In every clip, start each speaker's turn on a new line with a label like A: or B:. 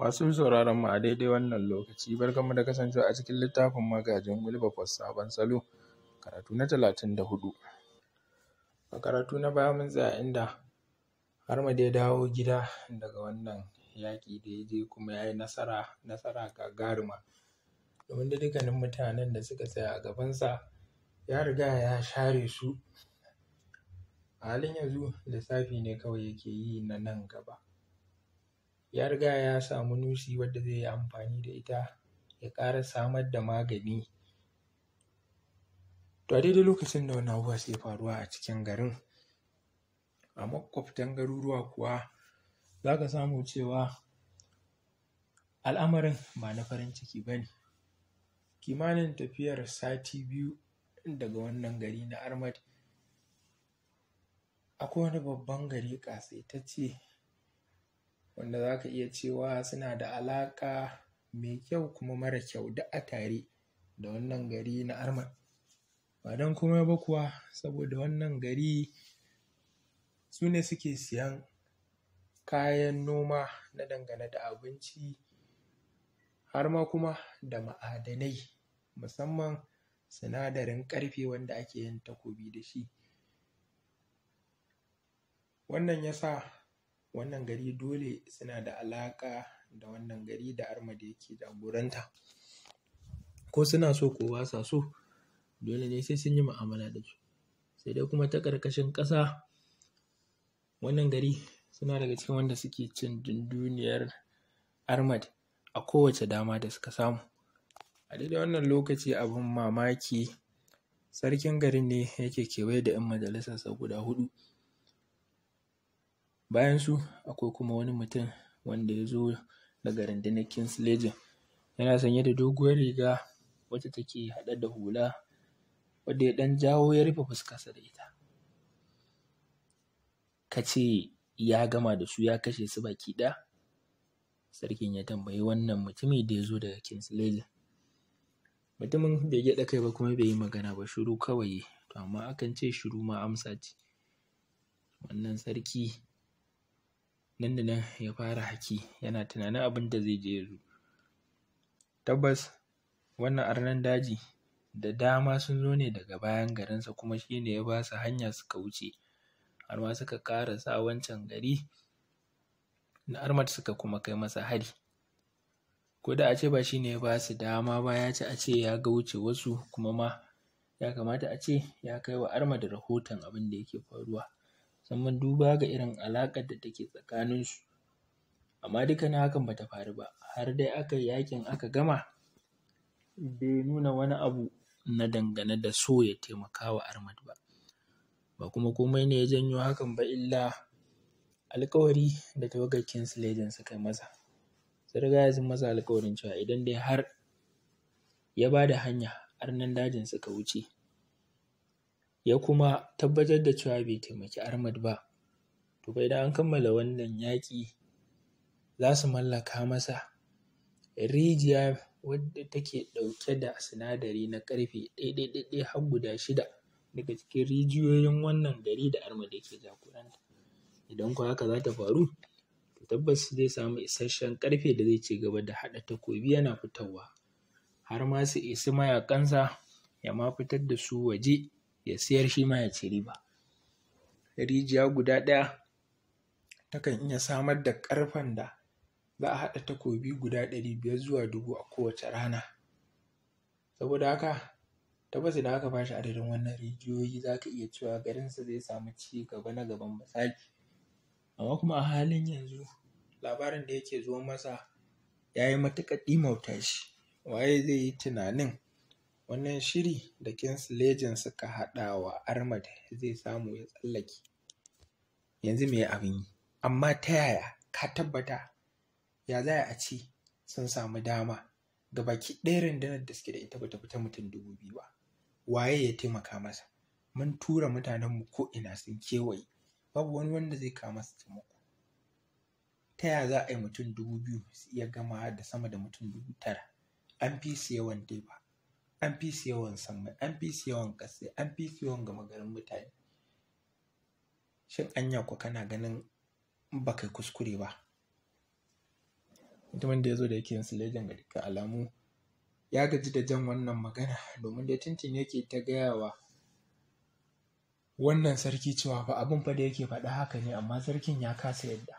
A: Masu sauraron mu a daidai wannan lokaci gama da kasancewa a cikin littafin magajin Wilberforce sabon salo karatu na talatin da hudu. A karatu na baya mun tsaya inda har Ahmad ya dawo gida daga wannan yaƙi da ya je kuma ya yi nasara nasara ga garuma, domin da dukkanin mutanen da suka tsaya a gabansa ya riga ya share su a halin yanzu lissafi ne kawai yake yi na nan gaba. ya riga ya samu nusi wadda zai yi amfani da ita ya ƙara samar da magani to a daidai lokacin da wannan abubuwa sai faruwa a cikin garin a makwabtan garuruwa kuwa za ka samu cewa al'amarin ba na farin ciki ba ne kimanin tafiyar sati biyu daga wannan gari na armad akwai wani babban gari ƙasaitacce wanda za ka iya cewa suna da alaƙa mai kyau kuma mara kyau duk a tare da wannan gari na Arman. Ba don komai ba kuwa saboda wannan gari su ne suke siyan kayan noma na dangane da abinci har ma kuma da ma'adanai musamman sinadarin ƙarfe wanda ake yin takobi da shi. Wannan ya sa wannan gari dole suna da alaƙa da wannan gari da Armada yake jagoranta ko suna so ko ba sa so dole ne sai sun yi mu'amala da su sai dai kuma ta ƙarƙashin ƙasa wannan gari suna daga cikin wanda suke cin dunduniyar Armad a kowace dama da suka samu a daidai wannan lokaci abin mamaki sarkin garin ne yake kewaye da 'yan majalisarsa guda huɗu Bayan su akwai kuma wani mutum wanda ya zo daga rundunar legion yana sanye da doguwar riga wacce take haɗe da hula wadda ya ɗan jawo ya rufe fuskarsa da ita. Ka ce ya gama da su ya kashe su baki ɗaya? Sarkin ya tambayi wannan mutumin da ya zo daga Kings legion Mutumin bai gyaɗa kai ba kuma bai yi magana ba shiru kawai to amma akan ce shiru ma amsa ce. Wannan sarki nan da nan ya fara haki yana tunanin abin da zai je ya zo tabbas wannan arnan daji da dama sun zo ne daga bayan garinsa kuma shi ne ya ba su hanya suka wuce har ma suka sa wancan gari na armat suka kuma kai masa hari ko da a ce ba shi ne ya ba su dama ba ya ci a ce ya ga wuce wasu kuma ma ya kamata a ce ya kai wa armat rahoton abin da yake faruwa musamman duba ga irin alaƙar da take tsakaninsu. Amma dukkanin hakan bata faru ba har dai aka yi yaƙin aka gama bai nuna wani abu na dangane da so ya taimaka wa Ahmad ba. Ba kuma komai ne ya janyo hakan ba illa alƙawari da tawagar Kingsley suka yi masa. Sun riga sun masa alƙawarin cewa idan dai har ya bada da hanya arnan dajin suka wuce ya kuma tabbatar da cewa bai taimaki armad ba, to da da an kammala wannan yaƙi za su mallaka masa rijiya wadda take ɗauke da sinadari na ƙarfe ɗai har guda shida daga cikin rijiyoyin wannan gari da Ahmad yake jagoranta. Idan kuwa haka za ta faru, to tabbas zai samu isasshen ƙarfe da zai ci gaba da haɗa takobi yana fitowa. har ma su isa mayaƙansa ya ma fitar da su waje ya siyar shi ma ya ci riba rijiya guda ɗaya takan iya samar da ƙarfen da za a haɗa takobi guda ɗari biyar zuwa dubu a kowace rana saboda haka tabbas da aka bashi adadin wannan rijiyoyi za ka iya cewa garinsa zai samu ci gaba na gaban misali. amma kuma a halin yanzu labarin da yake zo masa ya yi matuƙar ɗimauta shi waye zai yi tunanin wannan shiri da Kings Legend suka haɗa wa armad zai samu ya tsallake yanzu me abin yi amma ta yaya ka tabbata ya za a ce sun samu dama ga baki ɗaya rundunar da suke da ita bata fita mutum dubu biyu ba waye ya taimaka masa mun tura mutanenmu ko ina sun kewaye babu wani wanda zai kama su taimako ta yaya za a yi mutum dubu biyu su iya gama da sama da mutum dubu tara an fi su yawan dai ba an fi yawan sammai an fi yawan ƙasai an fi yawan gama garin mutane shin anya ku kana ganin ba kai kuskure ba mutumin da ya zo da yake yin silejin ga dukkan alamu ya gaji da jan wannan magana domin da tuntun yake ta gaya wa wannan sarki cewa ba abin fa da yake faɗa haka ne amma sarkin ya kasa yadda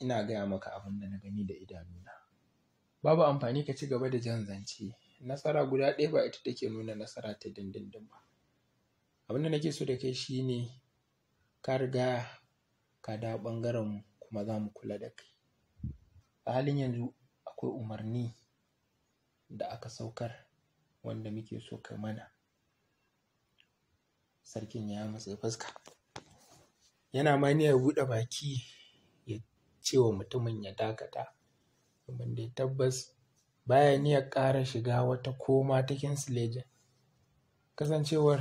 A: ina gaya maka abin da na gani da idanuna babu amfani ka ci gaba da jan zance nasara guda ɗaya ba ita take nuna nasara ta dindindin ba abin da nake so da kai shine ka riga ka dawo ɓangaren mu kuma za mu kula da kai a halin yanzu akwai umarni da aka saukar wanda muke so ka mana sarkin ya matsa fuska yana ma ya buɗe baki ya ce wa mutumin ya dakata domin dai tabbas baya niyyar ƙara shiga wata koma ta Kingslayer. Kasancewar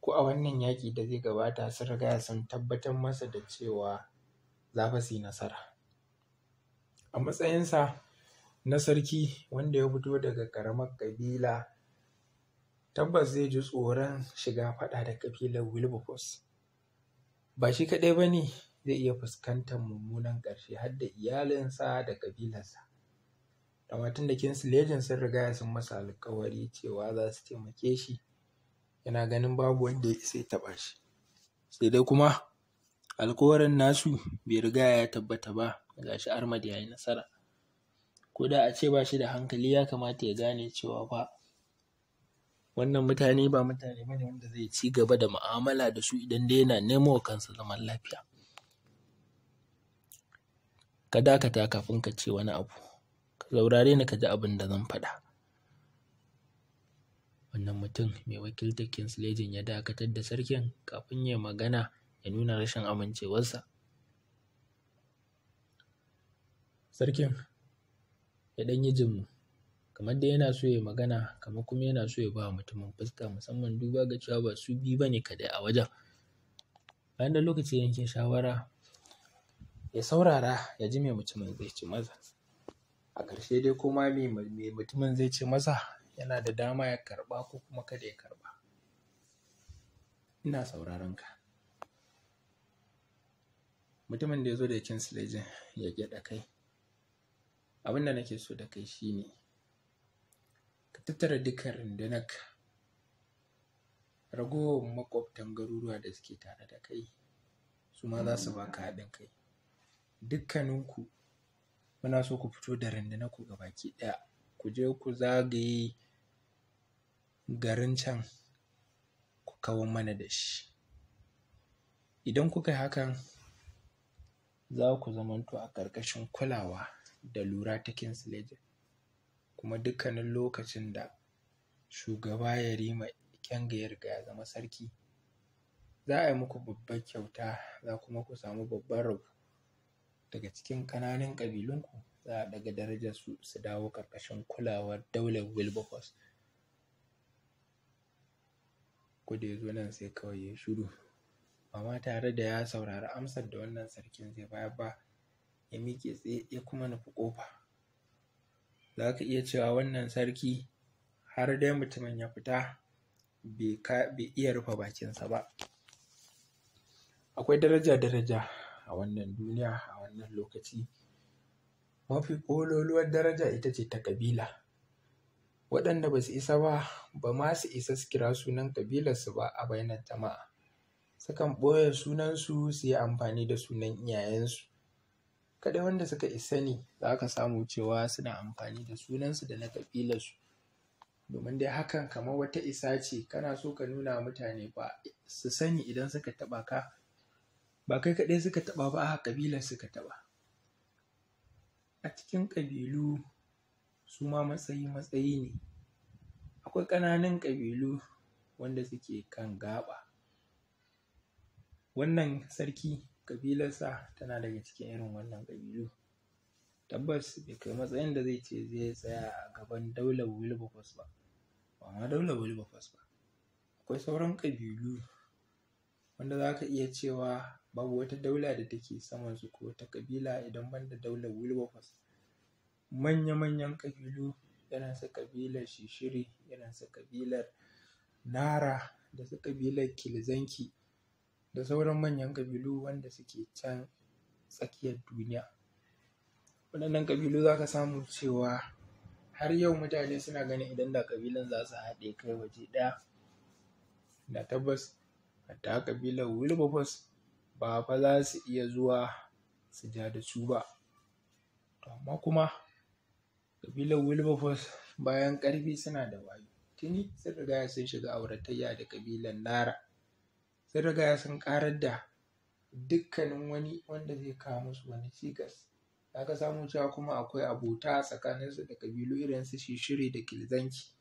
A: ko a wannan yaƙi da zai gabata sun riga sun tabbatar masa da cewa za fa su yi nasara. A matsayinsa na sarki wanda ya fito daga ƙaramar ƙabila tabbas zai ji tsoron shiga faɗa da ƙabilar Wilberforce. Ba shi kaɗai ba ne zai iya fuskantar mummunan ƙarshe har da iyalinsa da ƙabilarsa. Amma da da lejin sun riga sun masa alkawari cewa za su taimake shi yana ganin babu wanda ya isa ya taɓa shi. Sai dai kuma alƙawarin nasu bai riga ya tabbata ba ga shi Ahmad ya yi nasara. Ko da a ce ba shi da hankali ya kamata ya gane cewa fa wannan mutane ba mutane ba ne wanda zai ci gaba da mu'amala da su idan dai yana nemo wa kansa zaman lafiya. ka dakata kafin ka ce wani abu ka saurare ni ka ji abin da zan faɗa wannan mutum mai wakiltar legend ya dakatar da sarkin kafin ya magana ya nuna rashin amincewarsa sarkin ya ɗan yi jin kamar dai yana so ya magana kamar kuma yana so ya ba mutumin fuska musamman duba ga cewa ba su biyu ne kadai a wajen bayan da lokaci yanke shawara ya saurara ya ji mai mutumin zai ce maza a ƙarshe dai koma mai mutumin zai ce maza yana da dama ya karba ko kuma kada ya karɓa ina sauraron ka mutumin da ya zo da yakin silejin ya gyaɗa kai Abinda da nake so da kai shine ka tattara dukkan rundunar ragowar makwabtan garuruwa da suke tare da kai su ma za su baka haɗin kai dukkaninku muna so ku fito da rundunarku ga baki ɗaya ku je ku zagaye garin can ku kawo mana da shi idan kuka yi hakan za ku zamanto a ƙarƙashin kulawa da lura ta kingslayer kuma dukkanin lokacin da shugaba ya rima kyanga ya riga ya zama sarki za a yi muku babbar kyauta za kuma ku samu babban rabo daga cikin ƙananun ƙabilunku za a ɗaga darajar su su dawo ƙarƙashin kulawar daular wilberforce ko da ya zo nan sai kawai ya shiru Mama tare da ya saurari amsar da wannan sarkin zai bayar ba ya miƙe tsaye ya kuma nufi ƙofa za ka iya cewa wannan sarki har dai mutumin ya fita bai iya rufe bakinsa ba akwai daraja-daraja a wannan duniya a wannan lokaci mafi ƙololuwar daraja ita ce ta ƙabila waɗanda ba su isa ba ba ma su isa su kira sunan ƙabilarsu ba a bainar jama'a sukan ɓoye sunansu su yi amfani da sunan iyayensu kaɗai wanda suka isa ne za ka samu cewa suna amfani da sunansu da na ƙabilarsu domin dai hakan kamar wata isa ce kana so ka nuna mutane ba su sani idan suka taɓa ka ba kai kaɗai suka taɓa ba a ƙabila suka taɓa a cikin ƙabilu su ma matsayi matsayi ne akwai ƙananan ƙabilu wanda suke kan gaɓa wannan sarki ƙabilarsa tana daga cikin irin wannan ƙabilu tabbas bai kai matsayin da zai ce zai tsaya a gaban daular wilberforce ba ba ma daular wilberforce ba akwai sauran ƙabilu wanda za ka iya cewa babu wata daula da take saman su ko wata ƙabila idan ban da daular Wilberforce manya-manyan ƙabilu yana su ƙabilar Shishiri yana su ƙabilar Nara da su ƙabilar Kilzanki da sauran manyan kabilu wanda suke can tsakiyar duniya waɗannan kabilu za ka samu cewa har yau mutane suna ganin idan da kabilan za su haɗe kai waje ɗaya da tabbas hatta kabilar Wilberforce Baba za su iya zuwa su ja da su ba amma kuma kabilar wilberforce bayan ƙarfi suna da wayo tuni sun riga sun shiga auratayya da ƙabilar nara sun riga sun ƙarar da dukkanin wani wanda zai kawo musu wani cikas za ka samu cewa kuma akwai abota tsakaninsu da ƙabilu irin su shishiri da kilzanki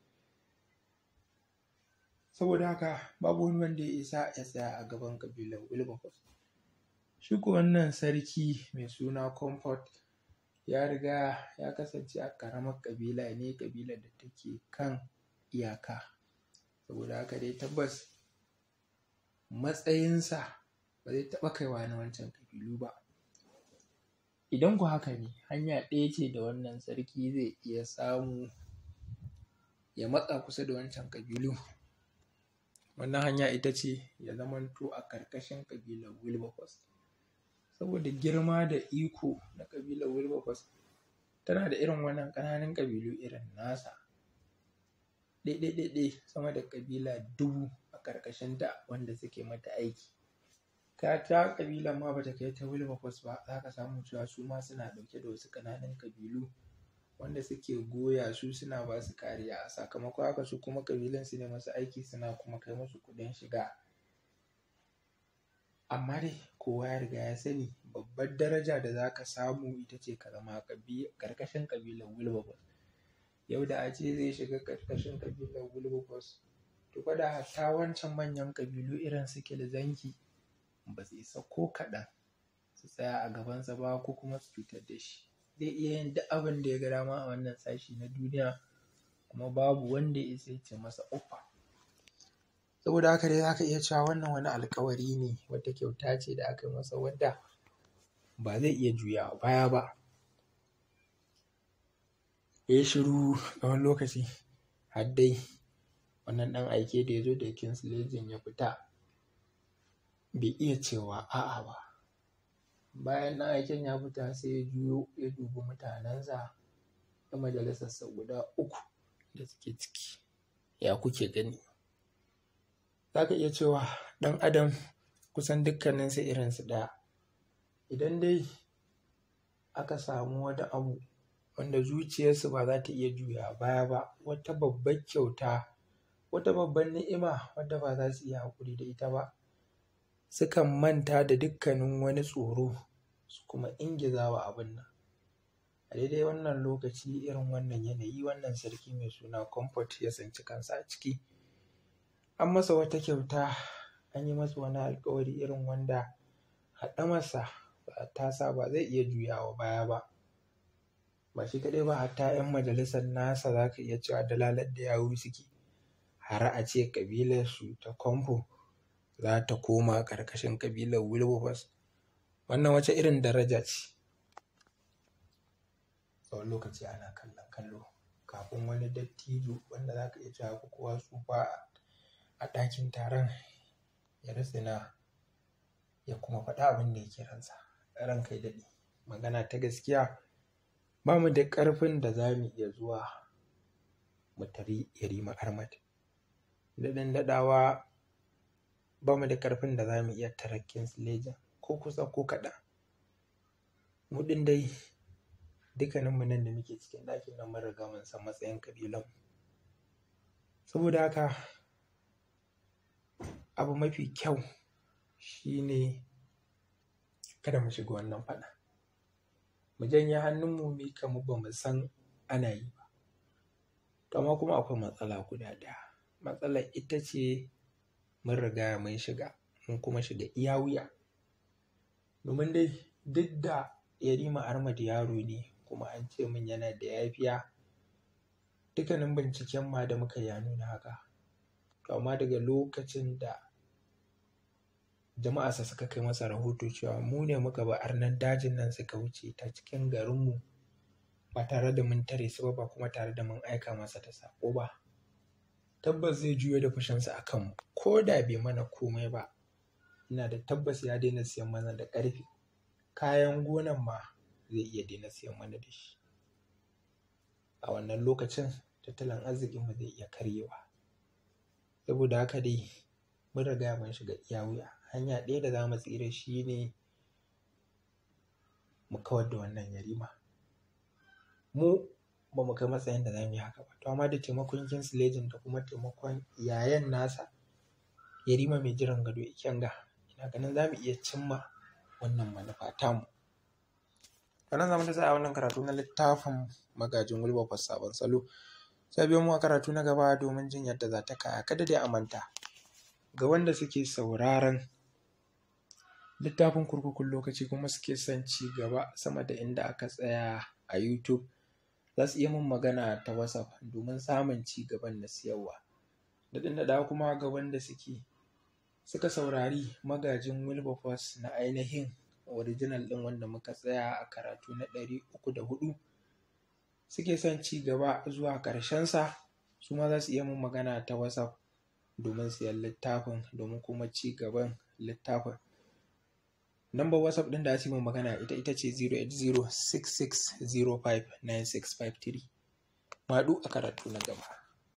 A: saboda haka babu wani wanda ya isa ya tsaya a gaban kabilar wilberforce Shi wannan sarki mai suna Comfort ya riga ya kasance a ƙaramar ƙabila ne ƙabilar da take kan iyaka. Saboda haka dai tabbas matsayinsa ba zai taɓa kaiwa na wancan ƙabilu ba. Idan ku haka ne hanya ɗaya ce da wannan sarki zai iya samu ya matsa kusa da wancan ƙabilu. Wannan hanya ita ce ya zamanto a ƙarƙashin ƙabilar Wilberforce. saboda girma da iko na ƙabilar Wilberforce tana da irin wannan ƙananan ƙabilu irin nasa ɗaiɗaiɗaiɗai sama da ƙabila dubu a ƙarƙashinta wanda suke mata aiki ka ta ƙabilar ma bata kai ta Wilberforce ba za ka samu cewa su ma suna ɗauke da wasu ƙananan ƙabilu wanda suke goya su suna basu su kariya sakamakon haka su kuma ƙabilan su ne masu aiki suna kuma kai musu kuɗin shiga amma dai kowa ya riga ya sani babbar daraja da za ka samu ita ce ka zama ƙarƙashin ƙabilar wilberforce yau da a ce zai shiga ƙarƙashin ƙabilar wilberforce to fa da hatta wancan manyan ƙabilu irin su kilzanki ba su isa ko kaɗan su tsaya a gabansa ba ko kuma su cutar da shi zai iya yin duk abin da ya ga dama a wannan sashi na duniya kuma babu wanda ya ce masa uffa saboda haka dai za ka iya cewa wannan wani alkawari ne wata kyauta ce da aka yi masa wadda ba zai iya juyawa baya ba ya yi shiru tsawon lokaci har dai wannan ɗan aike da ya zo da legion ya fita bai iya cewa a'a ba bayan ɗan aiken ya fita sai ya juyo ya dubi mutanensa na majalisarsa guda uku da suke ciki ya kuke gani za ka iya cewa ɗan adam kusan dukkaninsu irinsu ɗaya idan dai aka samu wani abu wanda zuciyarsu ba za ta iya juya baya ba wata babbar kyauta wata babbar ni'ima wadda ba za su iya haƙuri da ita ba sukan manta da dukkanin wani tsoro su kuma ingizawa abin nan a daidai wannan lokaci irin wannan yanayi wannan sarki mai suna comfort ya tsinci kansa a ciki an masa wata kyauta an yi masa wani alkawari irin wanda haɗamarsa ta sa ba zai iya juyawa baya ba ba shi kaɗai ba hatta 'yan majalisar nasa za ka iya cewa dalalar da yawu suke har a ce su ta kwamfo za ta koma ƙarƙashin ƙabilar wilberforce wannan wace irin daraja ce tsawon lokaci ana kallon kallo kafin wani dattijo wanda za ka iya cewa kowa tsufa a ɗakin taron ya rusuna ya kuma faɗa abin da yake ransa ran kai daɗi magana ta gaskiya ba mu da ƙarfin da za mu iya zuwa mu tari yarima armad daɗin daɗawa ba mu da ƙarfin da za mu iya tarakin silejan ko kusa ko kaɗan mu ɗin dai dukkaninmu nan da muke cikin ɗakin nan mun riga mun san matsayin ƙabilanmu saboda haka abu mafi kyau shine kada mu shiga wannan faɗa mu janye hannunmu mu yi ba mu san ana yi ba to kuma akwai matsala guda ɗaya matsalar ita ce mun riga mun shiga mun kuma shiga iya wuya domin dai duk da yarima armad yaro ne kuma an ce min yana da yafiya dukkanin binciken ma da muka ya nuna haka to amma daga lokacin da jama'a sa suka kai masa rahoto cewa mu ne muka bi arnan dajin nan suka wuce ta cikin garinmu ba tare da mun tare su ba ba kuma tare da mun aika masa ta saƙo ba tabbas zai juyo da fushinsa a mu, ko da bai mana komai ba ina da tabbas ya daina siyan mana da ƙarfi kayan gonan ma zai iya daina siyan mana da shi a wannan lokacin tattalin arzikinmu zai iya karyewa saboda haka dai mun riga mun shiga iya wuya hanya ɗaya da za mu tsira shi ne mu kawar da wannan yarima mu ba mu kai matsayin da za mu yi haka ba to amma da taimakon kings legend da kuma taimakon yayan nasa yarima mai jiran gado ikenga ina ganin za mu iya cimma wannan manufa tamu kanan zamu da a wannan karatu na littafin magajin gulba sabon salo sai biyo mu a karatu na gaba domin jin yadda za ta kaya kada dai a manta ga wanda suke sauraron littafin kurkukun lokaci kuma suke son ci gaba sama da inda aka tsaya a YouTube za su iya min magana ta WhatsApp domin samun ci gaban na siyarwa. ɗin da da kuma ga wanda suke suka saurari magajin Wilberforce na ainihin original ɗin wanda muka tsaya a karatu na ɗari uku da hudu suke son ci gaba zuwa ƙarshensa su ma za su iya min magana ta WhatsApp domin siyan littafin domin kuma ci gaban littafin. Number WhatsApp ɗin da asimin magana ita ita ce 08066059653. Maɗu a karatu na gaba.